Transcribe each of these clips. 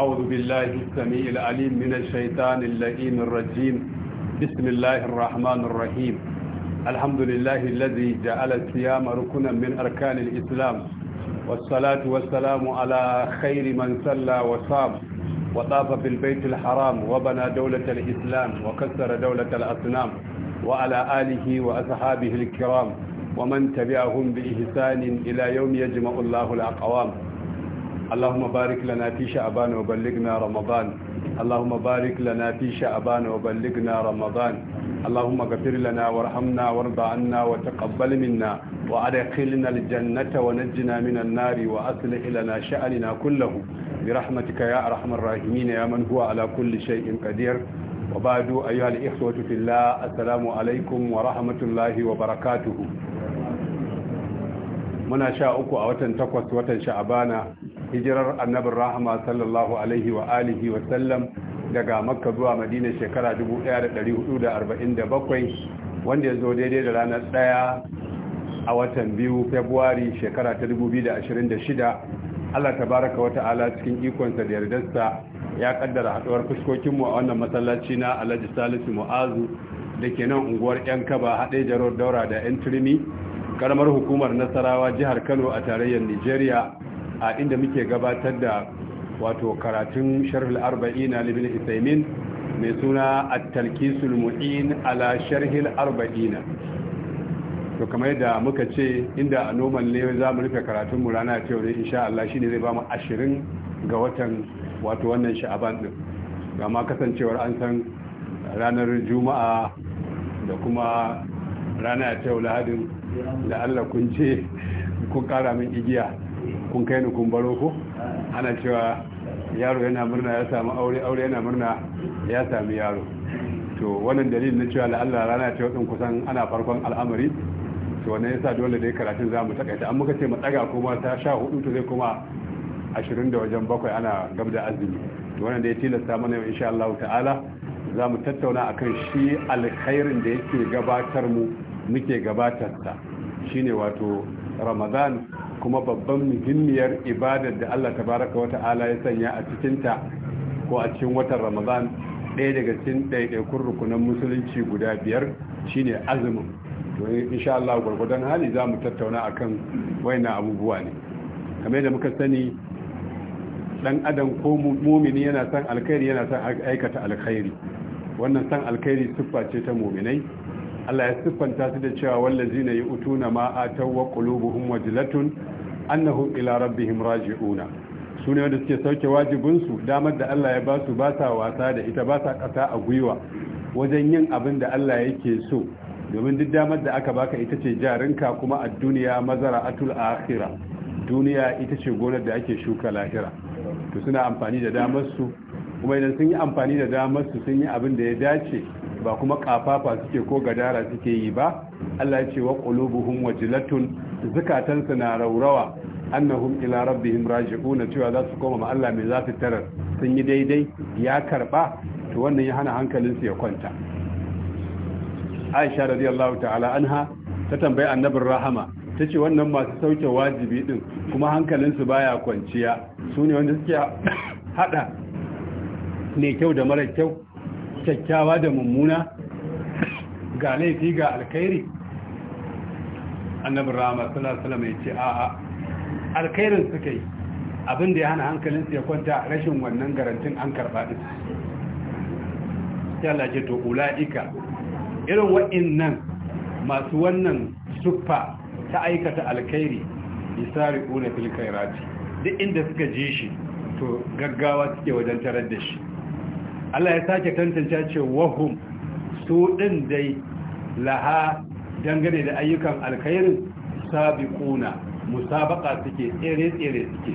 أعوذ بالله السميع العليم من الشيطان اللئيم الرجيم بسم الله الرحمن الرحيم الحمد لله الذي جعل الصيام ركنا من أركان الإسلام والصلاة والسلام على خير من صلى وصام وطاف في البيت الحرام وبنى دولة الإسلام وكسر دولة الأصنام وعلى آله وأصحابه الكرام ومن تبعهم بإحسان إلى يوم يجمع الله الأقوام اللهم بارك لنا في شعبان وبلغنا رمضان اللهم بارك لنا في شعبان وبلغنا رمضان اللهم اغفر لنا وارحمنا وارض عنا وتقبل منا وأدخلنا الجنة ونجنا من النار وأصلح لنا شأننا كله برحمتك يا أرحم الراحمين يا من هو على كل شيء قدير وبعد أيها الإخوة في الله السلام عليكم ورحمة الله وبركاته muna sha uku a watan takwas watan sha'abana hijirar annabin rahama sallallahu alaihi wa alihi wa sallam daga makka zuwa madina shekara 1447 wanda ya zo daidai da ranar ɗaya a watan biyu februari shekara 2026 allah baraka wata ala cikin ikonsa da yardarsa ya kaddara haɗuwar fuskokinmu a wannan masallaci na alhaji salisu mu'azu da ke nan unguwar yan kaba haɗe jarar daura da yan turmi karamar hukumar nasarawa jihar kano a tarayyar nigeria a inda muke gabatar da wato karatun sharhul arba'ina libin isaimin mai suna at-talkisul mu'in ala sharhul arba'ina to kamar yadda muka ce inda a noman ne za mu rufe karatun mu rana ta yau insha Allah shine zai ba mu 20 ga watan wato wannan sha'aban din amma kasancewar an san ranar juma'a da kuma rana ta yau lahadin da Allah kun ce kun kara min igiya kun kai ni kun baro ku ana cewa yaro yana murna ya samu aure aure yana murna ya sami yaro to wannan dalilin na cewa Allah rana ce wadin kusan ana farkon al'amari to wannan yasa dole dai karatun za mu takaita an muka ce mu tsaga kuma ta sha hudu to zai kuma ashirin da wajen bakwai ana gab da azumi to wannan dai tilasta mana yau insha Allah ta'ala za mu tattauna akan shi alkhairin da yake gabatar mu muke gabatar shine wato ramadan kuma babban muhimmiyar ibadar da Allah Ta baraka wata ala ya sanya a cikinta ko a cikin watan Ramadan ɗaya daga cikin ɗaiɗaikun rukunan musulunci guda biyar shine azumin to insha Allah gwargwadon hali za mu tattauna akan waina abubuwa ne kamar da muka sani ɗan adam ko mumini yana son alkhairi yana son aikata alkhairi wannan san alkhairi siffa ce ta muminai Allah ya siffanta su da cewa yi yu'tuna ma ataw wa na wajlatun annahum ila rabbihim raji'una su ne wanda suke sauke wajibinsu damar da Allah ya ba su ba sa wasa da ita ba sa ƙasa a gwiwa wajen yin abin da Allah yake so domin duk damar da aka baka ita ce jarinka kuma a duniya mazara atul akhira duniya ita ce gonar da ake shuka lahira to suna amfani da damar su kuma idan sun yi amfani da damar su sun yi abin da ya dace ba kuma kafafa suke ko gadara suke yi ba Allah ya ce wa qulubuhum wajlatun zukatansu na raurawa annahum ila rabbihim raji'un cewa za su koma ma Allah mai za su tarar sun yi daidai ya karba to wannan ya hana hankalin su ya kwanta Aisha radiyallahu ta'ala anha ta tambayi annabin rahama ta ce wannan masu sauke wajibi din kuma hankalin hankalinsu baya kwanciya su ne wanda suke hada ne kyau da mara kyau kyakkyawa da mummuna ga laifi ga alkhairi annabin rama salasala mai ce a alkhairin suka yi abinda ya hana su ya kwanta rashin wannan garantin an karɓa din yalla ce to ula'ika irin wa'innan masu wannan suffa ta aikata alkhairi isari ƙuna filkairati duk inda suka je shi to gaggawa suke wajen tarar da shi Allah ya sake tantance ce wahum su din dai laha dangane da ayyukan alkhairin sabiquna musabaqa suke tsere tsere suke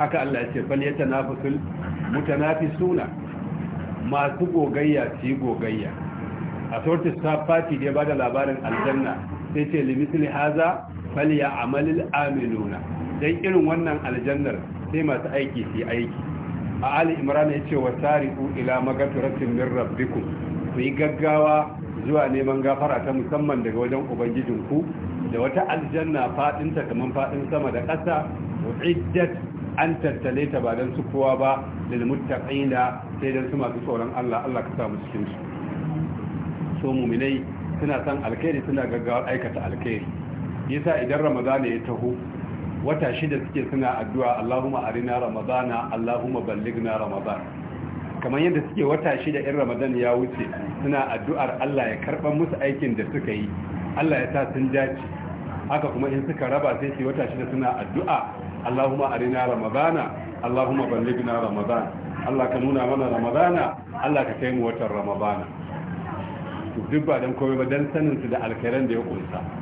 haka Allah ya ce fal yatanafasul mutanafisuna masu gogayya su gogayya a sortis safati da ya bada labarin aljanna sai ce limitli haza fal ya amalil amiluna dan irin wannan aljannar sai masu aiki su aiki a ali imran ya ce wa tariku ila magaturatin min rabbikum ku yi gaggawa zuwa neman gafara ta musamman daga wajen ubangijinku da wata aljanna fadinta kaman fadin sama da ƙasa iddat an tattale ta ba don su kowa ba da muttaqina sai don su masu tsoron Allah Allah ka samu cikin su so muminai suna san alkhairi suna gaggawar aikata alkhairi yasa idan ramadana ya taho wata shida suke suna addu'a Allahumma arina ramadana Allahumma ballighna ramadan kamar yadda suke wata shida in ramadan ya wuce suna addu'ar Allah ya karɓar musu aikin da suka yi Allah ya sa sun dace haka kuma in suka raba sai su wata shida suna addu'a Allahumma arina ramadana Allahumma ballighna ramadan Allah ka nuna mana ramadana Allah ka kai mu watan ramadana duk ba don komai ba don saninsu da alkhairan da ya ƙunsa.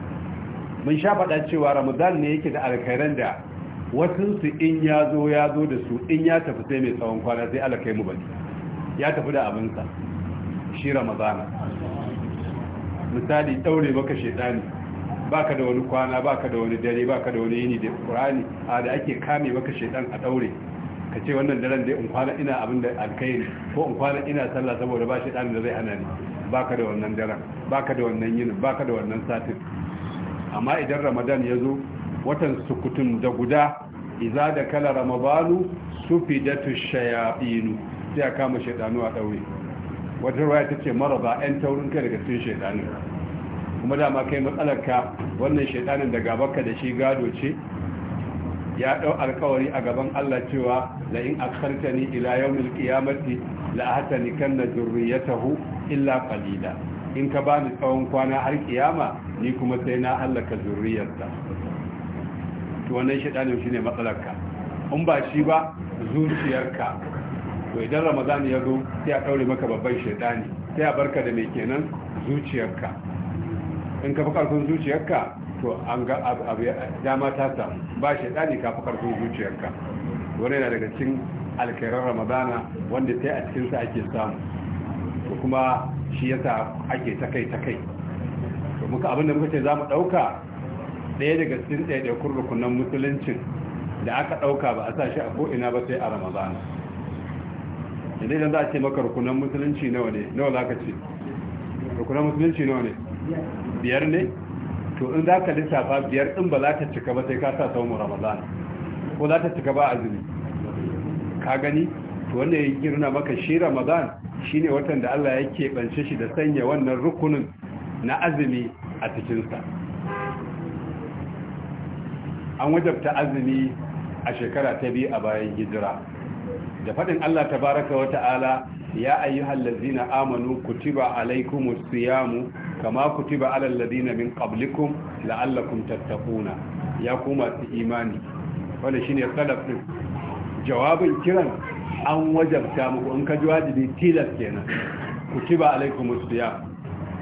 mun sha faɗa cewa ramadan ne yake da alkhairan da wasunsu in ya zo ya zo da su in ya tafi sai mai tsawon kwana sai alakai mu bane ya tafi da abinsa shi ramadana misali ɗaure maka ba ka da wani kwana ba ka da wani dare ba ka da wani yini da Ƙur'ani, a da ake kame maka shaidan a ɗaure, ka ce wannan daren dai in kwana ina abin da alkhairi ko in kwana ina sallah saboda ba shedan da zai hana ni ka da wannan daren ba ka da wannan yinin ka da wannan satin amma idan ramadan ya zo watan sukutun da guda iza da kala ramadanu su fi da tushayaɗinu sai a kama shaidanu a ɗaure wata ruwa ta ce maraba 'yan taurin kai daga cikin shaidanu kuma dama kai matsalarka wannan shaidanin da gabaka da shi gado ce ya ɗau alkawari a gaban Allah cewa la in ni ila ya mati la ya tahu illa kalila in ka bani tsawon kwana har kiyama ni kuma sai na hallaka zuriyarta to wannan shaidanin shine matsalarka in ba shi ba zuciyarka to idan ramadan ya zo sai a ɗaure maka babban shaitani sai a barka da mai kenan zuciyarka in ka fi zuciyarka to an ga abu dama ta samu ba shaidani ka fi karfin zuciyarka wani yana daga cikin alkairar ramadana wanda sai a cikinsa ake samu to kuma shi yasa ake takai takai to muka abinda muka ce za mu ɗauka ɗaya daga cikin ɗaiɗaikun rukunan musuluncin da aka ɗauka ba a sa shi a ko'ina ba sai a ramadan da idan za a ce maka rukunan musulunci nawa ne nawa za ka ce rukunan musulunci nawa ne biyar ne to in za ka lissafa biyar ɗin ba za ta cika ba sai ka sa mu ramadan ko za ta cika ba azumi ka gani to wanda ya girna maka shi ramadan shine watan da Allah ya ɓance shi da sanya wannan rukunin na azumi a cikinsa an wajabta azumi a shekara ta biyu a bayan hijira da faɗin Allah tabaraka wa ta'ala ya ayyuhal ladzina amanu kutiba alaikumus siyamu kama kutiba alal ladzina min qablikum la'allakum ya ku su imani Wani shine salaf din jawabin kiran an wajabta muku in ka ji wajibi tilas kenan kutiba alaikumus siyam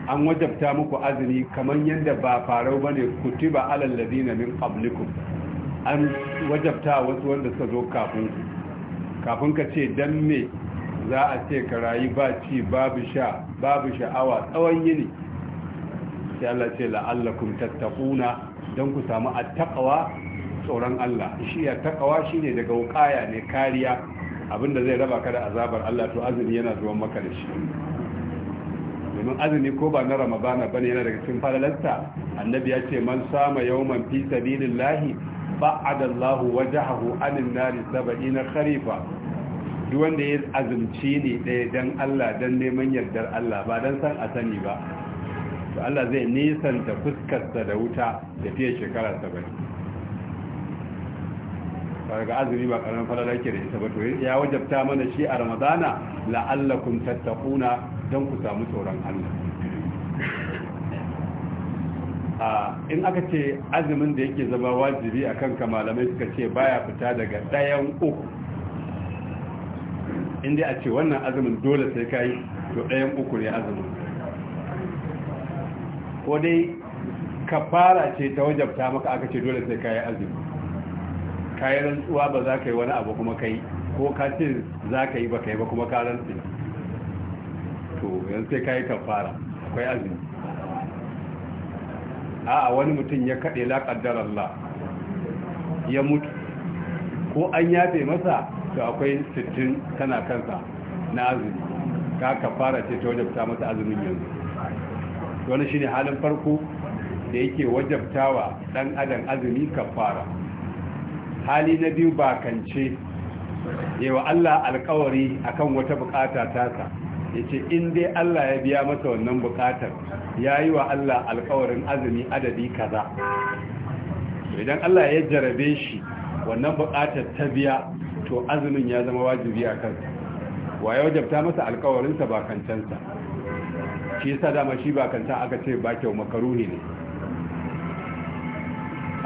an wajabta muku azumi kamar yadda ba farau bane kutiba alal ladina min qablikum an wajabta wasu wanda suka zo kafin ku kafin ka ce dan me za a ce ka rayu ba ci babu sha'awa tsawon yini sai Allah ce la'allakum tattaquna dan ku samu attaqwa tsoron Allah shi ya shi shine daga wuƙaya ne kariya abinda zai raba ka da azabar Allah to azumi yana zuwa maka da shi domin azumi ko ba na ramadana bane yana daga cikin falalarsa annabi ya ce man sama yawman fi sabilillahi ba'ada Allah wajahahu anin nari na kharifa duk wanda ya azumci ne daya dan Allah dan neman yardar Allah ba dan san a sani ba to Allah zai nisanta fuskarsa da wuta da fiye shekara 70 daga azumi ba karamin falala ke da ita ba to ya wajabta mana shi a ramadana la'allakum tattaquna don ku samu tsoron Allah in aka ce azumin da yake zama wajibi a kan malamai suka ce baya fita daga ɗayan uku inda a ce wannan azumin dole sai ka yi to ɗayan uku ne azumin ko dai ka fara ce ta wajabta maka aka ce dole sai ka yi azumi ka rantsuwa ba za ka yi wani abu kuma ka yi ko ka ce za ka yi ba ka yi ba kuma ka rantsu to yanzu sai kayi kafara akwai azumi a wani mutum ya kaɗe laƙaddar Allah ya mutu ko an yafe masa to akwai sittin tana kansa na azumi ka kafara ce ta wajabta masa azumin yanzu wani shine halin farko da yake wajabtawa ɗan adam azumi kafara hali na biyu bakance yawa Allah alkawari akan wata bukata tasa ya ce in dai Allah ya biya masa wannan bukatar ya yi wa Allah alkawarin azumi adadi kaza idan Allah ya jarabe shi wannan bukatar ta biya to azumin ya zama wajibi a kansa wa ya wajabta masa alkawarinsa ba kancansa shi yasa dama shi ba kanta aka ce ba kyau makaruhi ne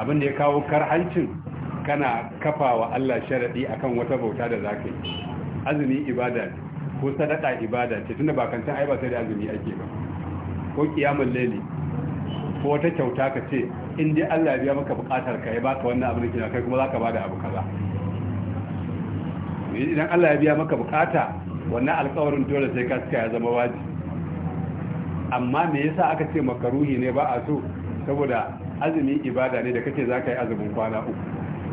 abin da ya kawo karhancin kana kafa wa Allah sharadi akan wata bauta da zaka yi azumi ibada ne ko sadaka ibada ce tunda ba kantin ai ba sai da azumi ake ba ko kiyamul laili ko wata kyauta ka ce in dai Allah ya biya maka bukatar ka ya baka wannan abin kina kai kuma zaka bada abu kaza idan Allah ya biya maka bukata wannan alƙawarin dole sai ka ya zama wajibi amma me yasa aka ce makaruhi ne ba a so saboda azumi ibada ne da kake zaka yi azumin kwana uku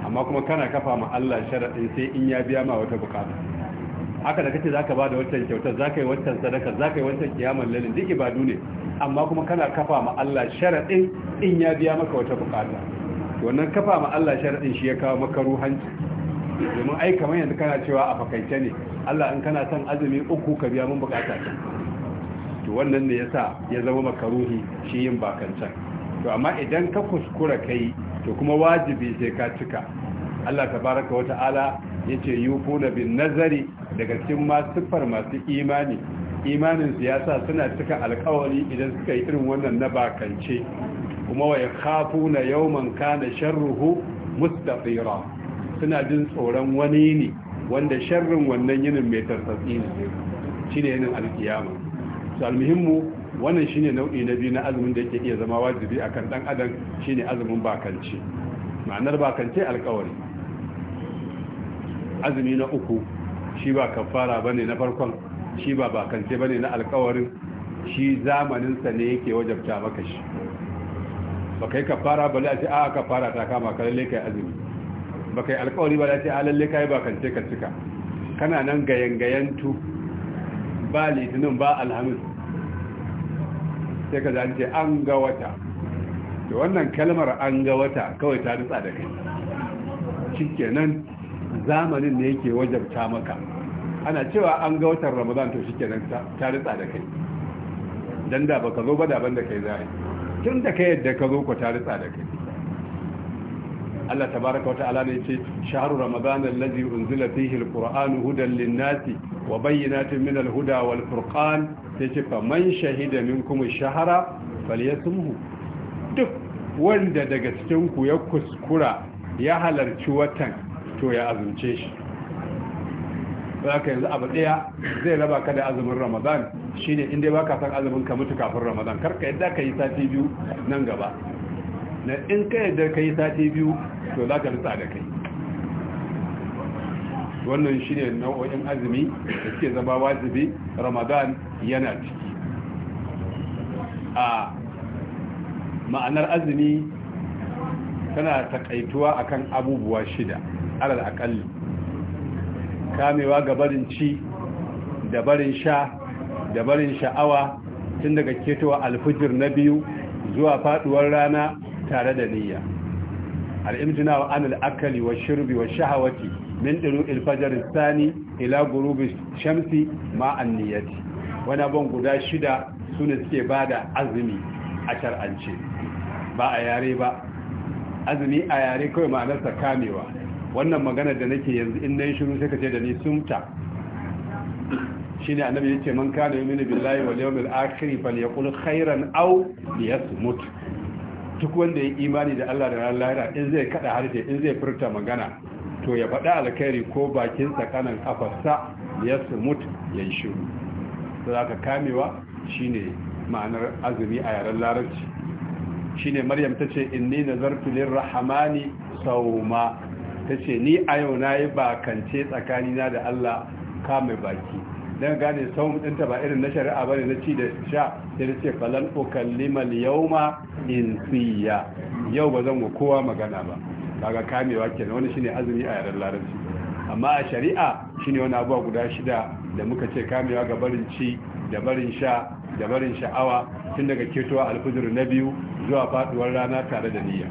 amma kuma kana kafa ma Allah sharadin sai in ya biya ma wata bukata haka da kace zaka bada wancan kyautar zaka yi wancan sadaka zaka yi wancan kiyamar lalin duk ibadu ne amma kuma kana kafa ma Allah sharadin in ya biya maka wata bukata wannan kafa ma Allah sharadin shi ya kawo maka ruhanci domin ai kamar yanzu kana cewa a fakaice ne Allah in kana son azumi uku ka biya mun bukata to wannan ne yasa ya zama maka ruhi shi yin bakancan to amma idan ka kuskura kai to kuma wajibi sai ka cika Allah tabaraka wata'ala yace na bin nazari daga cikin masu siffar masu imani imanin siyasa suna cika alkawari idan suka yi irin wannan na bakance kuma wa na yawman kana sharruhu mustatira suna jin tsoron wani ne wanda sharrin wannan yinin mai tarsatsi ne shine yinin alkiyama to almuhimmu wannan shine nau'i na biyu na azumin da yake iya zama wajibi akan dan adam shine azumin bakance ma'anar bakance alkawari azumi na uku shi ba kafara bane na farkon shi ba bakance bane na alkawarin shi zamaninsa ne yake wajabta maka shi ba kai kafara ba ce a kafara ta kama ka lalle kai azumi ba kai alkawari ba ce a lalle kai bakance ka cika kana nan gayangayantu ba litinin ba alhamis sai ka zance an ga wata da wannan kalmar an ga wata kawai ta rutsa da kai shi kenan zamanin ne yake wajabta maka ana cewa an ga watan ramadan to shikenan ta ritsa da kai dan da baka zo ba daban da kai zai tun da kai yadda ka zo ku ta ritsa da kai Allah tabaaraka wa ta'ala ne ce shahru ramadan allazi unzila fihi alquran hudan lin-nasi wa bayyinatin min alhuda wal-furqan sai ce fa man shahida minkum ash-shahra falyasumhu duk wanda daga cikin ku ya kuskura ya halarci watan to ya azumce shi za ka yanzu abu ɗaya zai raba ka da azumin ramadan shine inda ba ka san azumin ka mutu kafin ramadan karka yadda ka yi sati biyu nan gaba na in ka yadda ka yi sati biyu to za ka rutsa da kai wannan shine nau'o'in azumi da suke zama wajibi ramadan yana ciki a ma'anar azumi tana takaituwa akan abubuwa shida alal akalli kamewa ga barin ci da barin sha da barin sha'awa tun daga ketowa alfijir na biyu zuwa faduwar rana tare da niyya al'imtina wa anil akali wa shirbi wa shahawati min ɗiru ilfajar sani ila gurubi shamsi ma'an niyyati wani abin guda shida su ne suke bada da azumi a shar'ance ba a yare ba azumi a yare kawai sa kamewa wannan magana da nake yanzu in nayi shiru sai ka ce da ni sumta shine annabi yace man kana yu'minu billahi wal yawmil akhir falyaqul khairan aw liyasmut duk wanda ya imani da Allah da ranar lahira in zai kada harfe in zai furta magana to ya faɗa alkhairi ko bakin tsakanin kafarsa yasmut yayin shiru ka kamewa shine ma'anar azumi a yaren larabci shine maryam tace ce inni nazartu lirrahmani sauma tace ni a yau na yi bakance na da allah mai baki don gane saum ba irin na shari'a ba ne na ci da sha sai da ce falan ukallimal in insiya yau ba zan kowa magana ba kaga kamewa kenan wani shine azumi a yaren larabci amma a shari'a shine wani abuwa guda shida da muka ce kamewa ga barin ci da sha da barin sha'awa tun daga ketowa alfijir na biyu zuwa faduwar rana tare da niyya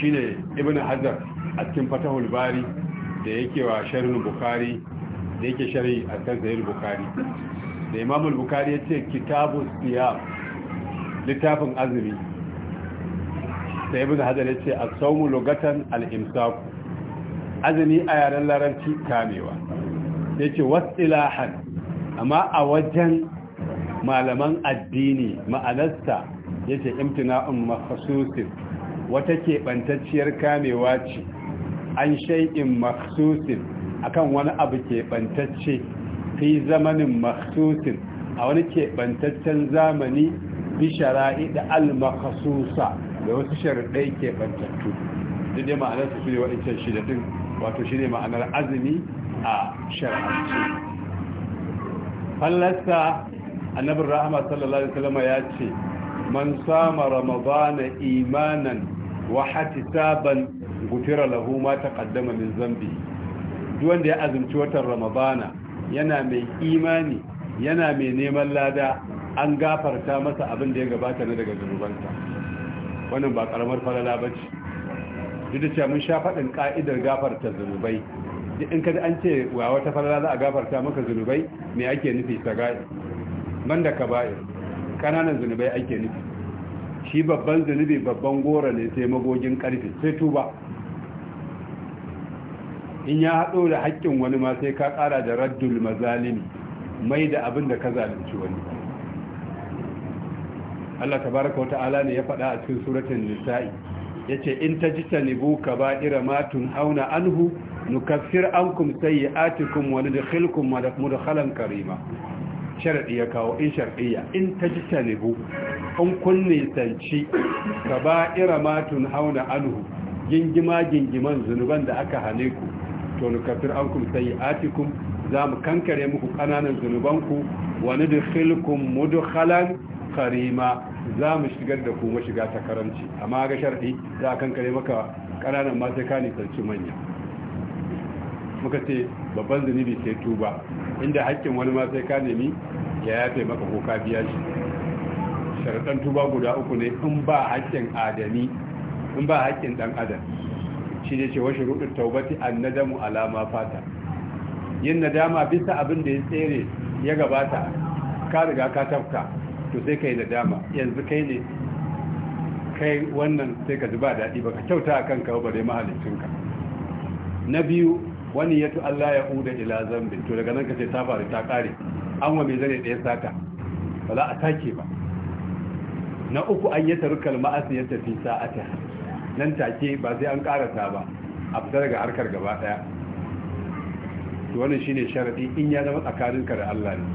shi ne ibn hajjar a cikin fatahul bari da yake wa sharin bukari da yake shari a kan sahih bukari da imam bukari ce kitabu siyam littafin azumi da ibn hajjar ya ce a lugatan al-imsak azumi a yaren laranci kamewa ya ce wasu ilahan amma a wajen malaman addini ma'anarsa yace imtina'un makhsusin wata keɓantacciyar kamewa ce an shay'in makhsusin akan wani abu keɓantacce fi zamanin makhsusin a wani keɓantaccen zamani bi shara'i da al makasusa da wasu sharaɗai keɓantattu duk dai ma'anarsa su ne waɗancan shida wato shi ne ma'anar azumi a shar'ance fallasta annabin rahama sallallahu alaihi wasallam ya ce man sama ramadana imanan wa hatisaban gufira lahu ma taqaddama min zambi duk wanda ya azumci watan ramadana yana mai imani yana mai neman lada an gafarta masa abin da ya gabata na daga zunubanta wannan ba karamar falala bace duk da cewa mun sha faɗin ka'idar gafarta zunubai in kada an ce wa wata falala za a gafarta maka zunubai me ake nufi ta banda kaba'ir kananan zunubai ake nufi shi babban zunubi babban gora ne sai magogin karfe sai tuba in ya haɗo da haƙƙin wani ma sai ka ƙara da raddul mazalimi mai da abin da ka zalunci wani Allah tabaraka wata'ala ne ya faɗa a cikin suratul nisa'i yace in ta ba kaba'ira matun auna anhu nukaffir ankum sayyi'atikum wa da mudkhalan karima sharaɗi ya kawo in shar'iyya in ta ji sanibu in kunne tanci ka ba matun hauna anhu gingima gingiman zunuban da aka hane ku to ni kafir an kum sai atikum za mu kankare muku kananan zunuban wani da nadkhilukum mudkhalan karima za mu shigar da kuma shiga ta karanci amma ga sharadi za a kankare maka ma masu ka sanci manya muka ce babban zunubi sai tuba inda hakkin wani ma sai ka nemi ya yafe maka ko ka biya shi sharaɗan tuba guda uku ne in ba haƙƙin adami in ba haƙƙin ɗan adam shi ne cewa shuruɗin taubati an nadamu alama fata yin nadama bisa abin da ya tsere ya gabata ka riga ka tafka to sai ka yi nadama yanzu kai ne kai wannan sai ka ji ba daɗi ba ka kyauta a kanka ba dai mahalicinka na biyu wani yato Allah ya huda ila zambi to daga nan kace ta faru ta kare an wa mai zane ɗaya saka ba za a take ba na uku an yi tarukar ma'asi ya tafi sa'ata nan take ba sai an karata ba a fita daga harkar gaba daya to wannan shine sharadi in ya zama tsakanin ka da Allah ne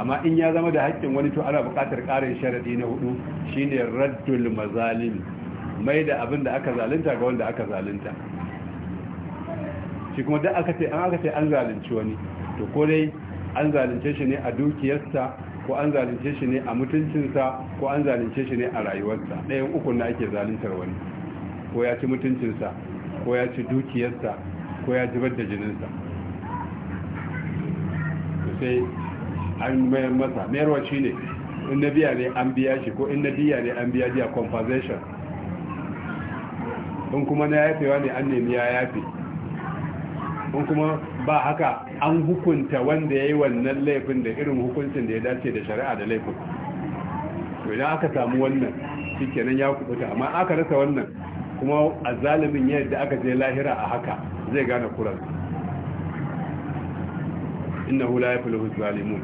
amma in ya zama da haƙƙin wani to ana buƙatar ƙarin sharadi na hudu shine raddul mazalim mai da abin da aka zalunta ga wanda aka zalunta shi kuma duk aka ce an aka ce an zalunci wani to ko dai an zalunce shi ne a dukiyarsa ko an zalunce shi ne a mutuncinsa ko an zalunce shi ne a rayuwarsa ɗayan uku na ake zaluntar wani ko ya ci mutuncinsa ko ya ci dukiyarsa ko ya zubar da jininsa sai an mayar masa mayarwa shi ne in na biya ne an biya shi ko in na biya ne an biya jiya compensation in kuma na yafewa ne an nemi ya yafe in kuma ba haka an hukunta wanda ya yi wannan laifin da irin hukuncin da ya dace da shari'a da laifin to idan aka samu wannan shi kenan ya kubuta amma aka rasa wannan kuma a zalimin yadda aka je lahira a haka zai gane kuran inna hula ya yaflu zalimun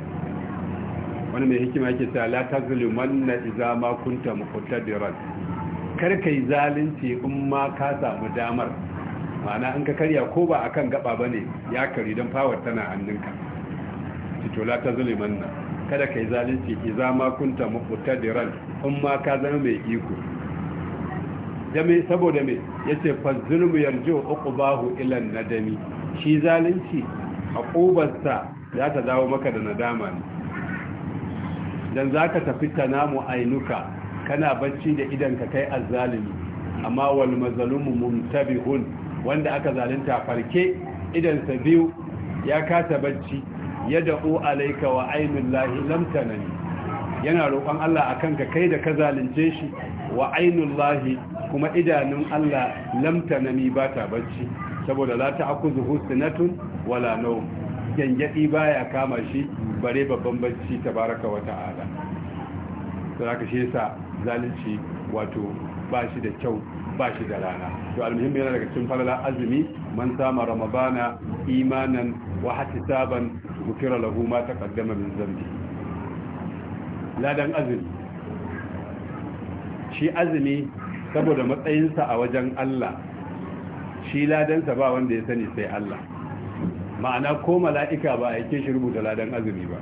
wani mai hikima yake cewa la tazliman na iza ma kunta muqtadiran kar kai zalunci in ma ka samu damar ma'ana in ka karya ko ba a kan gaba ba ne ya kari don fawar tana hannunka titola ta zuliman na kada ka yi zalunci iza ma kunta ran in ma ka zama mai iko dame saboda mai ya yace fa zulmu yarju uqbahu na nadami shi zalunci ƙobarsa za ta dawo maka da nadama ne za ka tafi ta namu ainuka kana bacci da idan ka kai azzalimi amma wal mazlumu muntabihun wanda aka zalunta farke idansa biyu ya kasa bacci ya da'u alaika wa ainihin lahi lam yana roƙon Allah akan ka kai da ka zalunce shi wa ainihin lahi kuma idanun Allah lamtanani ba ta bacci saboda za ta la zuhu sinatun wala nawm ba baya kama shi bare babban bacci ta baraka ta'ala wato ba shi da kyau ba shi da rana to almuhimmi yana daga cikin falala azumi man sama ramadana imanan wa hisaban gufira lahu ma taqaddama min zambi ladan azumi shi azumi saboda matsayinsa a wajen Allah shi ladansa ba wanda ya sani sai Allah ma'ana ko mala'ika ba a yake shi rubuta ladan azumi ba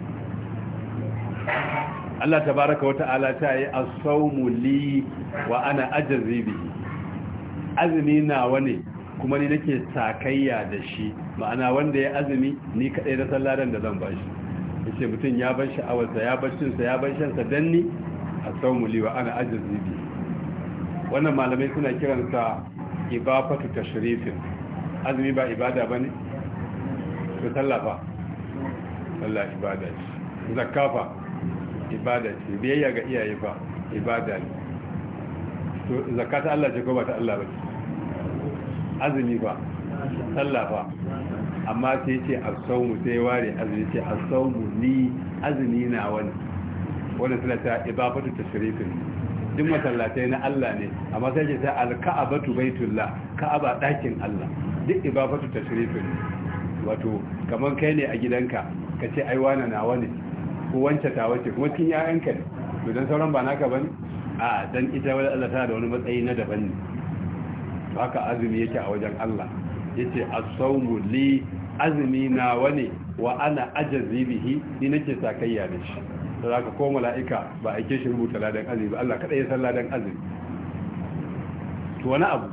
Allah tabaraka wa ta'ala ta yi a sawmu li wa ana ajzi bihi azumi nawa ne kuma ni nake sakayya da shi ma'ana wanda ya azumi ni kadai da sallaran da zan bashi yace mutun ya bar sha'awar sa ya bar sa ya bar shan sa dan ni as li wa ana ajzi bihi wannan malamai suna kiransa ibafatu tashrifin azumi ba ibada bane to sallafa ba sallah ibada ce zakka ibada ce biyayya ga iyaye ba ibada ne to zakata Allah ce ko ba ta Allah ba ce azumi ba sallah ba amma sai ce asawmu sai ware azumi ce asawmu ni azumi na wani wannan suna ta ibafatu tashrifin duk masallatai na Allah ne amma sai ce ta alka'abatu baitullah ka'aba dakin Allah duk ibafatu tashrifin wato kaman kai ne a gidanka kace ai wani na wani. ko wance ta wace kuma cikin ƴaƴanka ne to dan sauran ba naka bane a dan ita wani Allah ta da wani matsayi na daban ne haka azumi yake a wajen Allah yace as-sawmu li azumi na wani wa ana ajazi bihi ni nake sakayya da shi zaka ko mala'ika ba ke shi rubuta ladan azumi ba Allah kada ya san ladan azumi to wani abu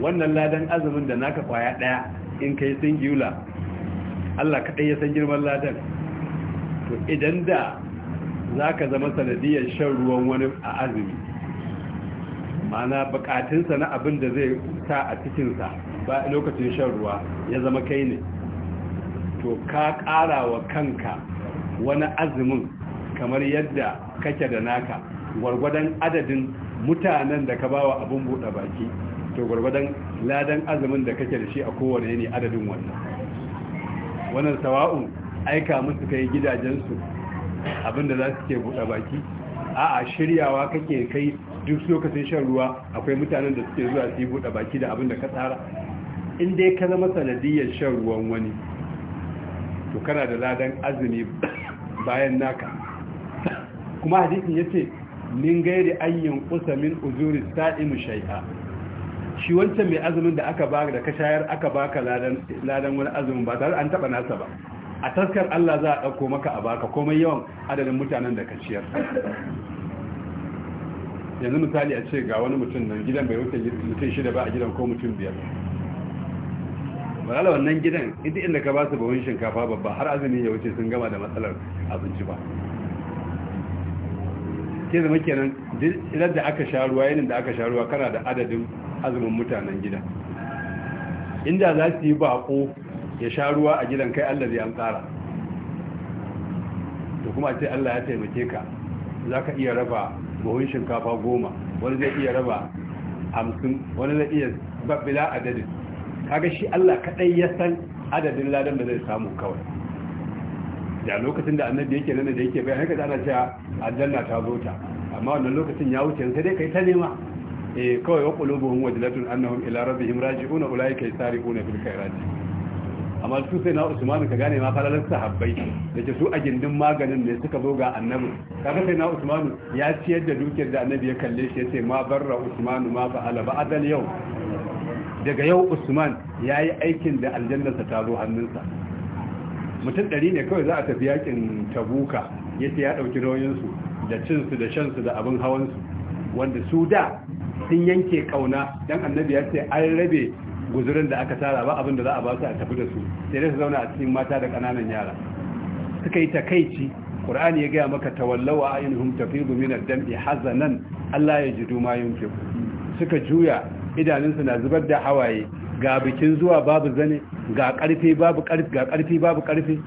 wannan ladan azumin da naka kwaya daya in kai giyula Allah kaɗai ya san girman ladan to idan da za ka zama sanadiyar shan ruwan wani a azumi mana bukatunsa na abin da zai ta a cikinsa ba lokacin shan ruwa ya zama kai ne to ka ƙara wa kanka wani azumin kamar yadda kake da naka gwargwadon adadin mutanen da ka ba wa abin buɗe baki to gwargwadon ladan azumin da kake da shi a kowane ne adadin wannan wannan sawa'un aika musu kai gidajensu abinda za su ke buɗe baki a'a shiryawa kake kai duk lokacin shan ruwa akwai mutanen da suke zuwa su yi buɗe baki da abinda ka tsara in dai ka zama sanadiyyar shan ruwan wani to kana da ladan azumi bayan naka kuma hadisin ce min gairi an kusa min uzuri sa'imu shai'a shi wancan mai azumin da aka ba da ka shayar aka baka ladan ladan wani azumin ba tare an taba nasa ba a taskar Allah za a ɗauko maka a baka komai yawan adadin mutanen da ka ciyar yanzu misali a ce ga wani mutum nan gidan bai wuce mutum shida ba a gidan ko mutum biyar balala wannan gidan inda inda ka ba su bawon shinkafa babba har azumi ya wuce sun gama da matsalar abinci ba ke zama kenan idan da aka sha ruwa yanin da aka sha ruwa kana da adadin azumin mutanen gida inda za su yi bako ya sha ruwa a gidan kai Allah zai an ƙara da kuma ce Allah ya taimake ka za ka iya raba buhun shinkafa goma wani zai iya raba hamsin wani zai iya babbila adadin kaga shi Allah kaɗai ya san adadin ladan da zai samu kawai da lokacin da annabi yake nan da yake bai haka ana cewa aljanna ta zo ta amma wannan lokacin ya wuce sai dai kai ta nema eh kawai wa qulubuhum wajlatun annahum ila rabbihim raji'una kai sari'una bil khairati amma su sai na Usmanu ka gane ma falalar sahabbai da su a gindin maganin ne suka zo ga annabi kaga sai na Usmanu ya ciyar da dukiyar da annabi ya kalle shi ya ce ma barra Usmanu ma ala ba adal yau daga yau usman ya yi aikin da aljannarsa ta zo hannunsa mutum ɗari ne kawai za a tafi yakin tabuka ya ce ya ɗauki nauyinsu da cinsu da shansu da abin hawansu wanda su da sun yanke ƙauna don annabi ya ce an rabe guzurin da aka tara ba abin da za a ba su a tafi da su sai dai su zauna a cikin mata da ƙananan yara suka yi takaici qur'ani ya gaya maka tawallawa ainihin tafidu min ad-dam'i hazanan Allah ya jidu ma yunfiqu suka juya idanunsu na zubar da hawaye ga bikin zuwa babu zane ga karfi babu karfi ga karfi babu karfi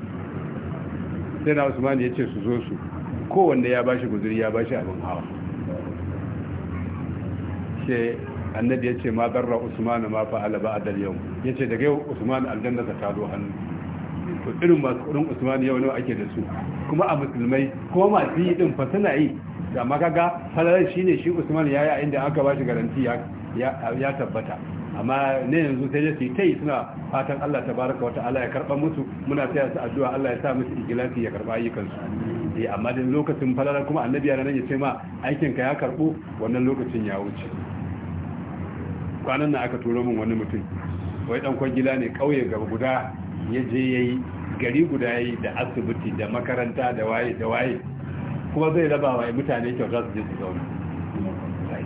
sai na Usman ya ce su zo su kowanne ya bashi guzuri ya bashi abin hawa annabi yace ma darra usman ma fa'ala ba'da yau ya yace daga yau usman aljanna ta tado hannu to irin masu kudin usman yau ne ake da su kuma a musulmai ko masu yi din fa suna yi da makaga falalar shine shi usman yayi a inda aka bashi garanti ya tabbata amma ne yanzu sai dai tai suna fatan Allah tabaraka wa ta'ala ya karba musu muna taya su addu'a Allah ya sa musu igilasi ya karba ayyukan su eh amma din lokacin falala kuma annabi ya nan ya ce ma aikin ka ya karbo wannan lokacin ya wuce kwanan nan aka turo min wani mutum wai dan kwangila ne kauye gaba guda ya je yayi gari guda yayi da asibiti da makaranta da waye da waye kuma zai raba wa mutane kyauta su je su zauna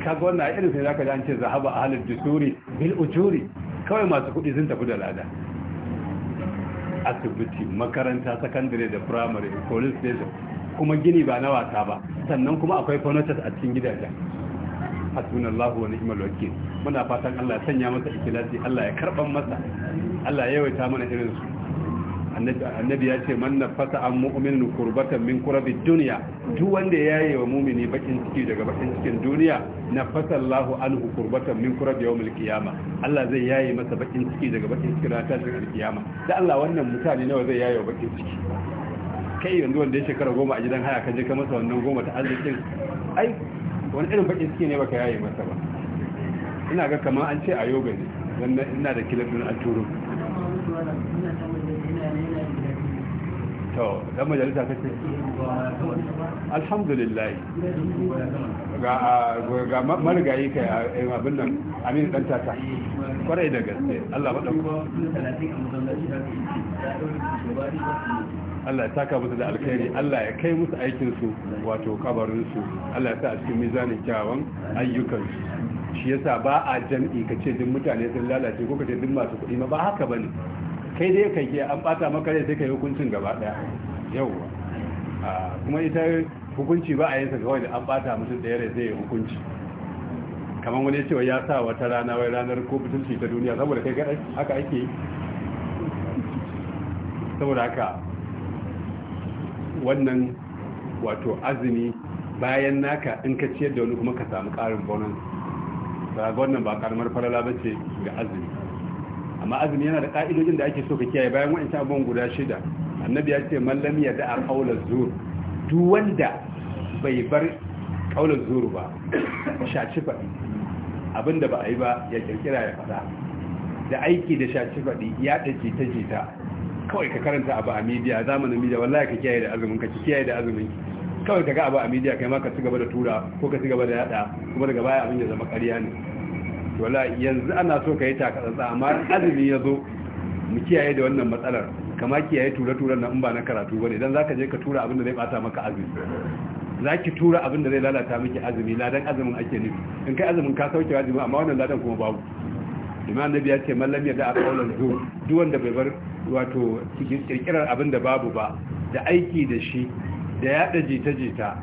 ga wannan irin sai zaka ji an ce zahaba ahlul dusuri bil ujuri kawai masu kuɗi sun tafi da lada asibiti makaranta sakandare da primary police station kuma gini ba na wasa ba sannan kuma akwai furniture a cikin gidajen hasbunallahu wa ni'mal wakeel muna fatan Allah ya sanya masa ikhlasi Allah ya karban masa Allah ya yawaita mana irin su annabi ya ce man fasa an mu'minin kurbatan min kurabi duniya duk wanda ya yi wa mumini bakin ciki daga bakin cikin duniya nafasa Allahu anhu kurbatan min kurabi yawmil qiyama Allah zai yaye masa bakin ciki daga bakin cikin rata tashin kiyama da Allah wannan mutane nawa zai yayi wa bakin ciki kai yanzu wanda ya shekara goma a gidan haya ka je ka masa wannan goma ta arzikin ai wani irin baƙi suke ne baka yaye masa ba ina ga kamar an ce a yoga ne ina da kilafin a to dan majalisa kace alhamdulillah ga ga marigayi kai eh, abin nan amin dan tata kwarai da gaske Allah ba Allah ya taka musu da alkhairi Allah ya kai musu aikin su wato kabarin su Allah ya sa a cikin mizanin kyawun ayyukan shi yasa ba a jam'i kace duk mutane sun lalace ko kace duk masu kuɗi ma ba haka bane kai dai kai ke an bata maka rai sai kai hukuncin gaba daya yawwa kuma ita hukunci ba a yin sa kawai da an bata mutum daya rai sai hukunci kamar wani cewa ya sa wata rana wai ranar ko butulci ta duniya saboda kai kadai haka ake yi saboda haka wannan wato azumi bayan naka in ka ciyar da wani kuma ka samu karin bonus ba wannan ba karamar falala bace ga azumi amma azumi yana da ka'idojin da ake so ka kiyaye bayan wa'ancan abubuwan guda shida annabi ya ce mallami ya yada a qawla zur duk wanda bai bar ƙaular zuru ba shaci faɗi abinda ba a yi ba ya kirkira ya faɗa da aiki da shaci faɗi ya dace ta jita kawai ka karanta abu a a zamanin midiya wallahi ka kiyaye da azumin ka kiyaye da azumin kawai ka ga abu a midiya kai ma ka ci gaba da tura ko ka ci gaba da yada kuma daga baya abin ya zama ƙarya ne wala yanzu ana so ka yi takatsatsa amma azumi ya zo mu kiyaye da wannan matsalar kama kiyaye tura-tura na in ba na karatu bane idan zaka je ka tura abin da zai bata maka azumi zaki tura abin da zai lalata miki azumi ladan azumin ake nufi in kai azumin ka sauke azumi amma wannan ladan kuma babu imam annabi ya ce mallam ya da a kaulan zo duk wanda bai bar wato kirkirar abin da babu ba da aiki da shi da ya da jita-jita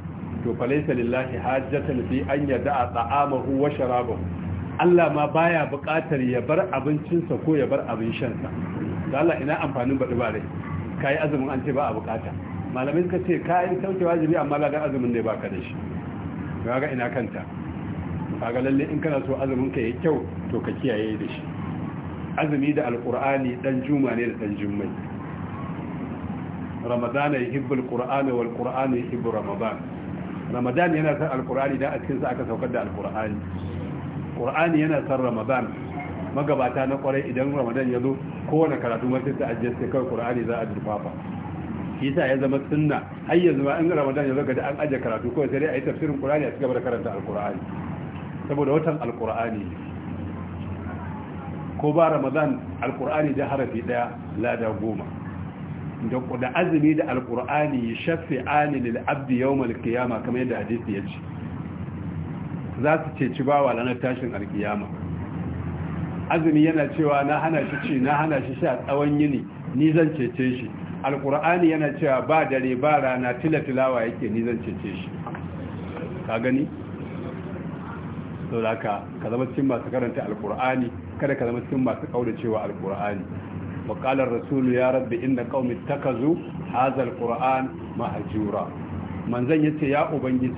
to falaisa lillahi hajjatan fi an yada a tsa'amahu wa sharabahu Allah ma baya buƙatar ya bar abincinsa ko ya bar abin shansa da Allah ina amfanin baɗi ba rai ka yi azumin an ce ba a buƙata malamai suka ce ka yi sauke wajibi amma lagar azumin ne ba ka da shi ba ga ina kanta ba ga lalle in kana so azumin ka yi kyau to ka kiyaye da shi azumi da alƙur'ani ɗan juma ne da ɗan jummai ramadana ya hibbul ƙur'ani wal Alƙur'ani ya hibbul ramadan ramadan yana san alƙur'ani da a sa aka saukar da alƙur'ani qur'ani yana san ramadan magabata na ƙwarai idan ramadan ya zo kowane karatu masu ta ajiyar sai kawai qur'ani za a jirfafa shi sa ya zama sunna har yanzu ma in ramadan ya zo ga an ajiye karatu kawai sai dai a yi tafsirin qur'ani a cigaba da karanta alqur'ani saboda watan alqur'ani ko ba ramadan alqur'ani da harafi daya lada goma da azumi da alqur'ani shafi'ani lil abdi yawmal al-qiyamah kamar yadda hadisi ya ce za su ceci bawa ranar tashin alkiyama azumi yana cewa na hana shi ci na hana shi sha tsawon yini ni zan cece shi alkur'ani yana cewa ba dare ba rana tilatilawa yake ni zan cece shi ka gani sau da ka ka zama cikin masu karanta alkur'ani kada ka zama cikin masu kauracewa alkur'ani rabbi inda يا رب إن قوم اتخذوا هذا القرآن مهجورا من زن ya ubangiji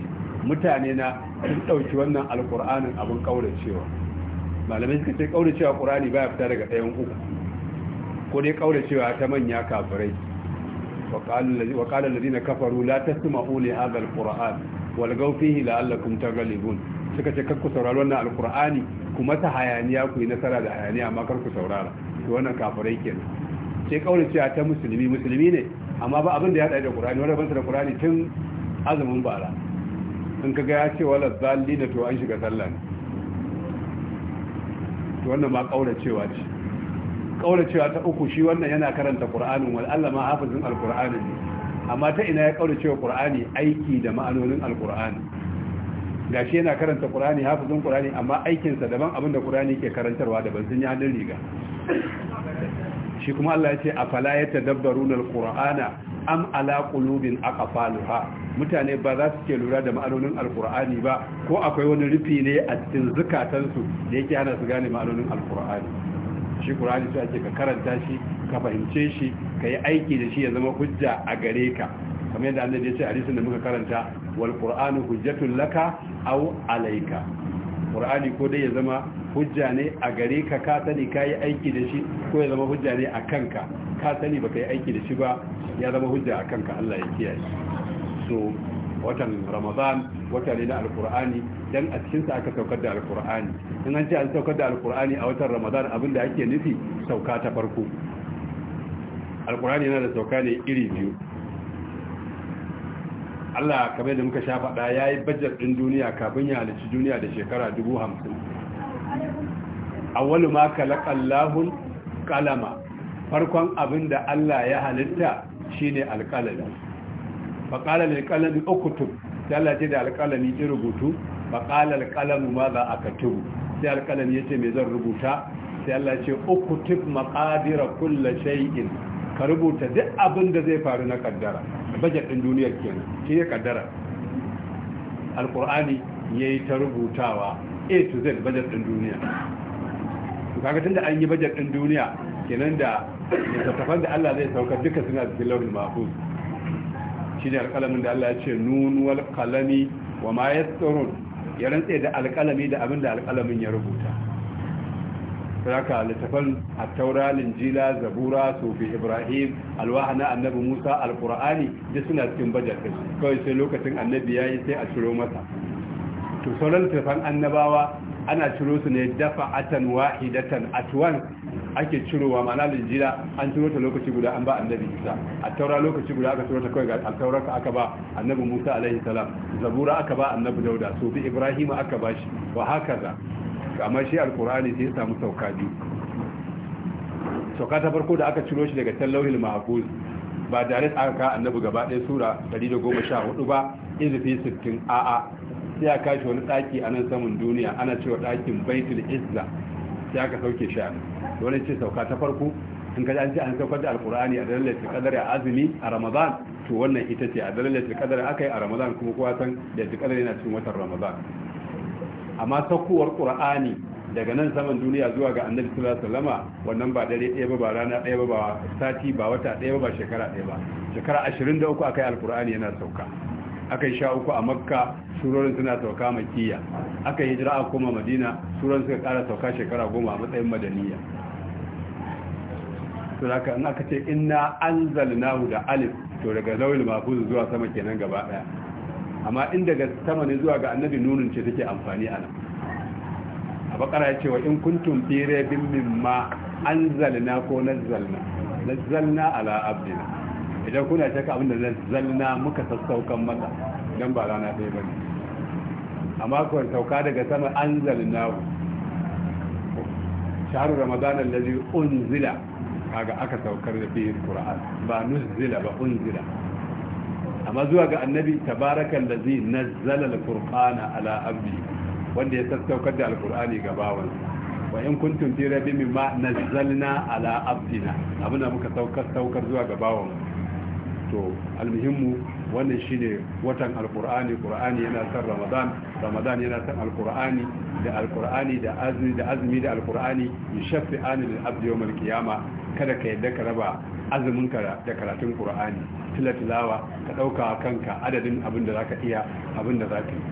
mutane na. sun ɗauki wannan alƙur'anin abin cewa malamai suka ce cewa ƙur'ani baya fita daga ɗayan uku ko dai cewa ta manya kafirai wa ƙalar lalina kafaru la ta su ma'uli hazal ƙura'an walgau fihi la'allakun ta galibun suka ce kakku saurari wannan alƙur'ani kuma ta hayaniya ku yi nasara da hayaniya amma karku saurara to wannan kafirai kenan sai cewa ta musulmi musulmi ne amma ba abin da ya ɗaya da ƙur'ani wanda bansa da ƙur'ani tun azumin bara in kaga ya ce wala zallina to an shiga sallah ne to wannan ma kauracewa ce kauracewa ta uku shi wannan yana karanta qur'ani wal Allah ma hafizin ne. amma ta ina ya kauracewa qur'ani aiki da ma'anonin alqur'ani gashi yana karanta qur'ani hafizin qur'ani amma aikin sa daban abin da qur'ani ke karantarwa daban sun yi hannun riga shi kuma Allah ya ce afala yatadabbaruna alqur'ana am ala qulubin aqfaluha mutane ba za su ke lura da ma'anonin alqur'ani ba ko akwai wani rufi ne a cikin zukatan su da yake hana su gane ma'anonin alqur'ani shi qur'ani sai ake ka karanta shi ka fahimce shi ka yi aiki da shi ya zama hujja a gare ka kamar yadda Allah ya ce a hadisin da muka karanta wal qur'anu hujjatul laka aw alayka alkur'ani ko dai ya zama hujja ne a gare ka ka sani ka yi aiki da shi ko ya zama hujja ne a kanka ka sani ba ka yi aiki da shi ba ya zama hujja a kanka allah ya kiyaye so watan ramadan wata ne na alkur'ani dan a sa aka saukar da alkur'ani in an ce an saukar da alkur'ani a watan ramadan abin da ake nufi sauka ta farko alkur'ani yana da sauka ne iri biyu Allah kamar da muka sha faɗa ya yi bajet ɗin duniya kafin ya halici duniya da shekara dubu hamsin wani ma laƙallahun kalama farkon abin da Allah ya halitta shine alƙalami faƙalar alƙalami ukutub Allah ce da alƙalami ya rubutu faƙalar alƙalamu ma za a katubu sai alƙalami ya ce mai zan rubuta sai Allah ce ukutub maƙadira kulla shay'in ka rubuta duk abin da zai faru na kaddara bajet din duniyar kenan shi ne kaddara alkur'ani yayi ta rubutawa a to z bajet din duniya kaga tunda an yi bajet din duniya kenan da littattafan da Allah zai saukar duka suna cikin lauhin mahfuz shi ne alƙalamin da Allah ya ce nun wal qalami wa ma yasturun ya rantse da alƙalami da abin da alƙalamin ya rubuta saboda littafan attaura linjila zabura sufi ibrahim alwaha na annabi musa alqur'ani duk suna cikin bajar din kawai sai lokacin annabi yayi sai a ciro masa to sauran littafan annabawa ana ciro su ne dafa atan wahidatan atwan ake cirowa ma'ana linjila an ciro ta lokaci guda an ba annabi isa a taura lokaci guda aka ciro ta kawai ga taura ka aka ba annabi musa alaihi salam zabura aka ba annabi dauda sufi ibrahim aka ba shi wa hakaza amma shi alkur'ani sai ya samu sauka biyu sauka ta farko da aka ciro shi daga tallauhil mahfuz ba tare aka aka annabi gaba ɗaya sura 114 ba izifi 60 a'a sai ya kashi wani ɗaki a nan saman duniya ana cewa ɗakin baitul izza sai aka sauke shi a wani ce sauka ta farko in ka an ce an saukar da alkur'ani a dalilin kadar a azumi a ramadan to wannan ita ce a dalilin kadar aka yi a ramadan kuma kowa san da kadar yana cikin watan ramadan amma saukowar qur'ani daga nan saman duniya zuwa ga annabi sallallahu alaihi wasallama wannan ba dare ɗaya ba ba rana ɗaya ba ba sati ba wata ɗaya ba ba shekara ɗaya ba shekara 23 akai alqur'ani yana sauka akai sha uku a makka surorin suna sauka makiya akai hijira a koma madina surorin suka ƙara sauka shekara goma a matsayin madaniya to haka in aka ce inna anzalnahu da alif to daga lawil mahfuz zuwa sama kenan gaba daya amma in daga sama ne zuwa ga annabi nunun ce take amfani a nan a bakara ya cewa in kuntum fi ma an anzalna ko nazzalna nazzalna ala abdina idan kuna shaka abinda nazzalna muka sassaukan mata dan ba rana ɗaya bane amma kuwa sauka daga sama anzalna shahar ramadan allazi unzila kaga aka saukar da fi qur'an ba nuzila ba unzila amma zuwa ga annabi tabarakan zai nazzala alqur'ana ala abdi wanda ya sassaukar da alqur'ani ga bawan wa in kuntum fi rabi mimma nazzalna ala abdina abuna muka saukar saukar zuwa ga bawan to almuhimmu wannan shine watan alqur'ani qur'ani yana san ramadan ramadan yana san alqur'ani da alqur'ani da azmi da azmi da alqur'ani yashfi'ani lil abdi yawm al-qiyamah kada ka yadda ka raba azumin kara da karatun qur'ani tilatilawa ka dauka kanka adadin abin da zaka iya abin da zaka yi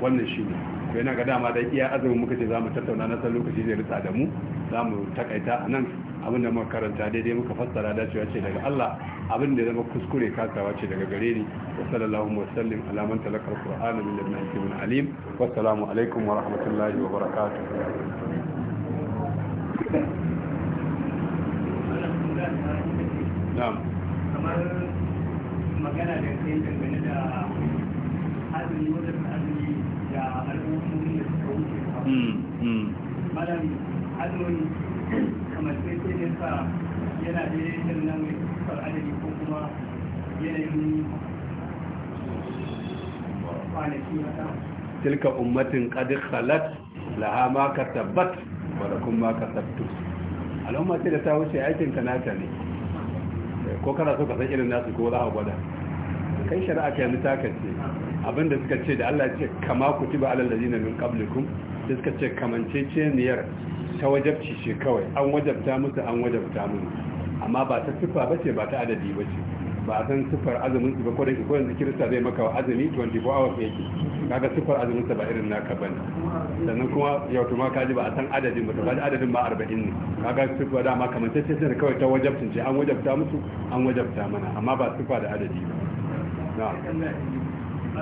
wannan shine ko yana ga dama da iya azumin muka ce zamu tattauna na san lokaci zai rutsa da mu zamu takaita anan abin da muka karanta daidai muka fassara dacewa ce daga Allah abin da zama kuskure kasawa ce daga gare ni wa sallallahu wa sallim ala man talaka alqur'ana min ibn alim wa assalamu alaikum wa rahmatullahi wa barakatuh نعم كمان مكان الاثنين كان بين هذا هذا المدرب اللي جاء عمله ممكن يتحول امم هذا من كما سمعت ان ينفع يلا بيت النوم يكسر عدد الحكومة يلا يمني تلك أمة قد خلت لها ما كتبت ولكم ما كتبتم الأمة التي تتاوشي عيتم تناتني ko kana so ka san irin nasu ko za a gwada kai shari'a ta yi taka ce abinda suka ce da Allah ce kama ku ci ba alal ladina min qablikum da suka ce ce niyar ta wajabci ce kawai an wajabta musu an wajabta musu. amma ba ta sifa ce, ba ta adadi ba ce. ba a san siffar azumin su ba ko da ke yanzu kirista zai maka azumi 24 hours yake kaga siffar azumin sa ba irin naka bane sannan kuma yau to ma kaji ba a san adadin ba ba adadin ma 40 ne kaga siffar da ma kamar tace sai kawai ta wajabtin ce an wajabta musu an wajabta mana amma ba siffar da adadi ba na'am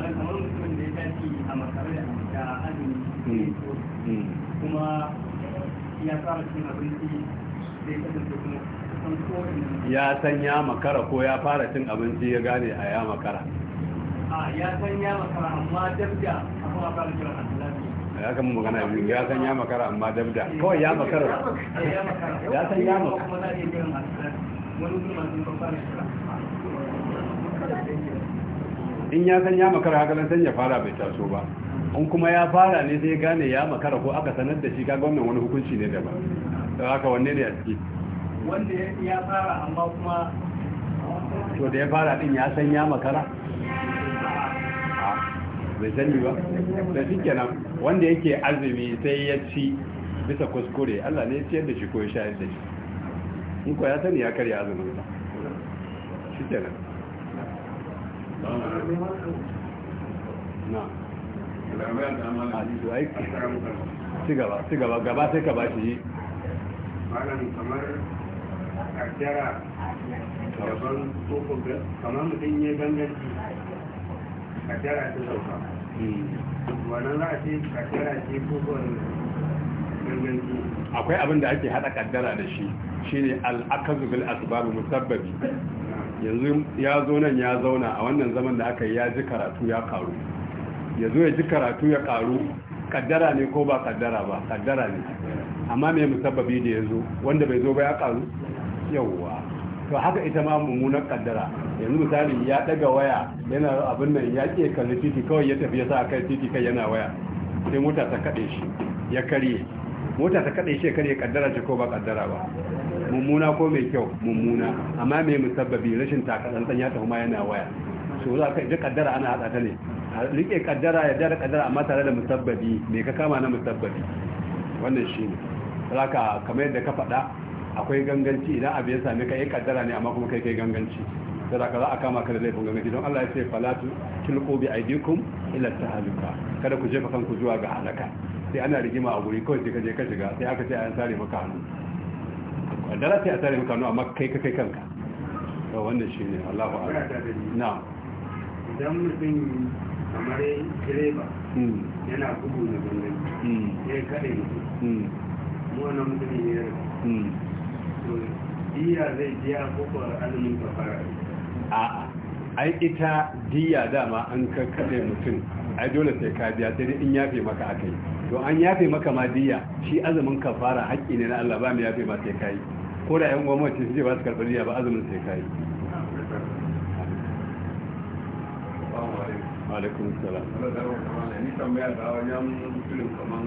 kuma ya fara cin abinci sai kasance kuma ya san ya makara ko ya fara cin abinci ya gane a ya makara ya san ya makara amma dabda amma ya magana ya san ya makara amma dabda eh, kawai eh, ya makara ya san ya makara in ya san ya makara haka nan san ya fara bai taso ba in kuma ya fara ne sai gane ya makara ko aka sanar da shi kaga wannan wani hukunci ne daban da haka wanne ne a ciki wanda ya fara amma kuma to da ya fara din ya san ya makara ah, bai sani ba da shi kenan wanda yake azumi sai ya ci bisa kuskure Allah ne ya ciyar da shi ko ya shayar da shi in ko ya sani ya karya azumi ba shi kenan na ci gaba ci gaba gaba sai ka ba shi yi kaddara daban koko kamar mutum ya ganganci kaddara ta sauka wani za a ce kaddara ce koko ganganci akwai abin da ake hada kaddara da shi shine al'akazu bil asbab musabbabi yanzu ya zo nan ya zauna a wannan zaman da aka yi ya ji karatu ya karu yanzu ya ji karatu ya karu kaddara ne ko ba kaddara ba kaddara ne amma mai musabbabi da ya zo wanda bai zo ba ya karu yawwa to haka ita ma mummunar kaddara yanzu misali ya daga waya yana abin nan ya ke kalli titi kawai ya tafi ya sa kai titi kai yana waya sai mota ta kade shi ya karye mota ta kade shi ya karye kaddara ce ko ba kaddara ba mummuna ko mai kyau mummuna amma mai musabbabi rashin takatsantsan ya tafi ma yana waya so za ka ji kaddara ana hada ta ne a rike kaddara ya dara kaddara amma tare da musabbabi me ka kama na musabbabi wannan shi ne. Raka kamar yadda ka faɗa akwai ganganci idan abu ya same ka ya eh, kaddara ne amma kuma kai kai ganganci da za ka za a kama ka da laifin ganganci don Allah ya ce falatu tilqu bi aidikum ila tahaluka kada ku jefa kanku zuwa ga halaka sai ana rigima a guri kawai sai ka je ka shiga sai aka ce an sare maka hannu kaddara sai a sare maka hannu amma kai ka kai kanka to wannan shine Allahu akbar na'am idan mutum kamar direba hmm. yana gudu da ganganci sai hmm. kade mutum hmm. mu wannan mutum ne ya diya zai biya kokowar azumin kafara a ai ita diya dama an karkade mutum ai dole sai ka biya sai dai in yafe maka yi, to an yafe maka ma diya shi azumin kafara haƙƙi ne na Allah ba mu yafe ma sai kai ko da yan gwamnati su ce ba su karɓi diya ba azumin sai kai alaikum salam ni tambaya da wajen mutum kaman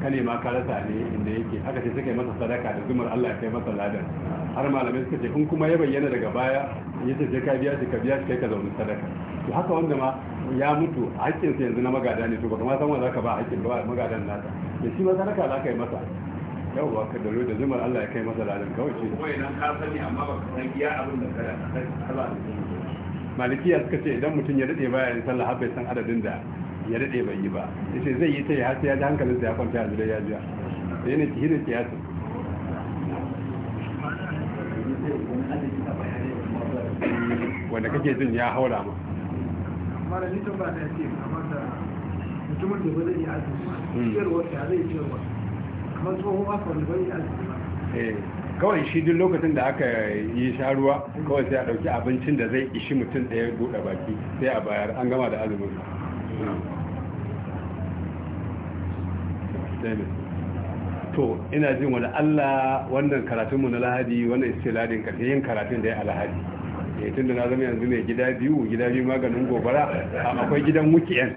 kalima ka rasa ne inda yake haka sai suka yi masa sadaka da zumar Allah ya kai masa ladan har malamai suka ce in kuma ya bayyana daga baya ya ce ka biya shi ka biya shi kai ka zaune sadaka to haka wanda ma ya mutu hakkin sa yanzu na magada ne to baka ma san wanda zaka ba hakkin ba magadan nasa da shi ma sadaka za ka yi masa yawwa ka dalo da zumar Allah ya kai masa ladan kawai ce ko idan ka sani amma ka san iya abin da ka rasa malikiya suka ce idan mutum ya dade bayan sallah har bai san adadin da ya daɗe bai yi ba ya zai yi ta yi ya ji ya kwanta a ya jiya wanda kake jin ya haura ma kawai shi duk lokacin da aka yi sharuwa kawai sai a ɗauki abincin da zai ishi mutum ɗaya buɗe baki sai a bayar an gama da azumin islamic to ina jin wani allah wannan karatunmu na lahadi wannan istiladin karfe yin karatun da ya alhadi ya eh, tun da na zama yanzu mai gida biyu gida biyu maganin gobara akwai gidan yan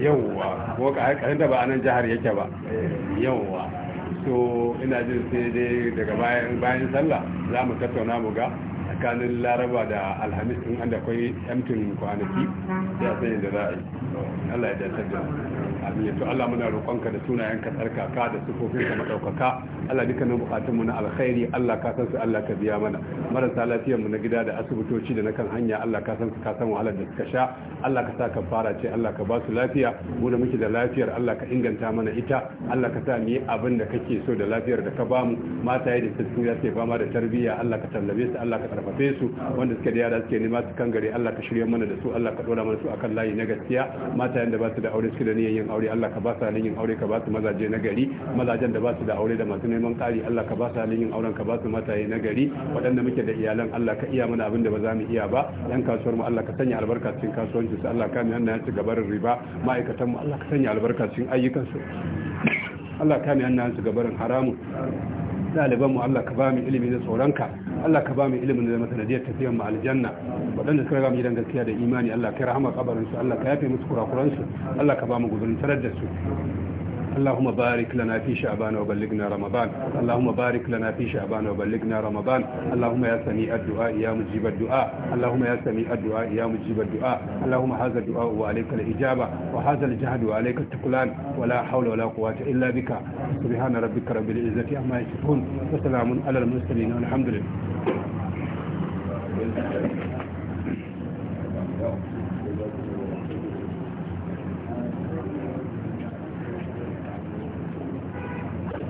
Yawwa, ko karin da ba a nan jihar yake ba Yawwa, so ina jin sai dai daga bayan sallah za mu tattauna mu ga tsakanin laraba da alhamis in an da kwai yamtin kwanaki ya sanya da za a yi allah ya dace da amin yato allah muna roƙonka da sunayen ka tsarkaka da sufofin ka madaukaka allah na bukatunmu na alkhairi allah ka san su allah ka biya mana marasa lafiyar mu na gida da asibitoci da na kan hanya allah ka san su ka san wahalar da suka sha allah ka sa ka fara ce allah ka ba su lafiya mu da muke da lafiyar allah ka inganta mana ita allah ka sa mu yi abin da kake so da lafiyar da ka bamu mata da su ya ce fama da tarbiyya allah ka tallabe su allah ka karfafe su wanda suke da yara suke nema su kan gari Allah ka shirya mana da su Allah ka dora mana su akan layi na gaskiya mata yanda ba su da aure suke da niyyar yin aure Allah ka ba su yin aure ka ba su mazaje na gari mazajen da ba su da aure da masu neman ƙari Allah ka ba su yin auren ka ba su mataye na gari waɗanda muke da iyalan Allah ka iya mana abin da ba za mu iya ba yan kasuwar mu Allah ka sanya albarka cikin kasuwancin su Allah ka mu hannayen su gabarin riba ma'aikatan mu Allah ka sanya albarka cikin ayyukan su Allah ka mu hannayen su gabarin haramun daliban mu Allah ka ba mu ilimi da tsoronka Allah ka ba mu ilimi da sanadiyar tafiyar mu aljanna waɗanda suka ga mu gidan gaskiya da imani Allah ka rahama kabarin su Allah ka yafe musu kurakuran su Allah ka ba mu gudun tarar da su اللهم بارك لنا في شعبان وبلغنا رمضان اللهم بارك لنا في شعبان وبلغنا رمضان اللهم يا سميع الدعاء يا مجيب الدعاء اللهم يا سميع الدعاء يا مجيب الدعاء اللهم هذا الدعاء وعليك الإجابة وهذا الجهد وعليك التكلان ولا حول ولا قوة إلا بك سبحان ربك رب العزة عما يصفون وسلام على المرسلين والحمد لله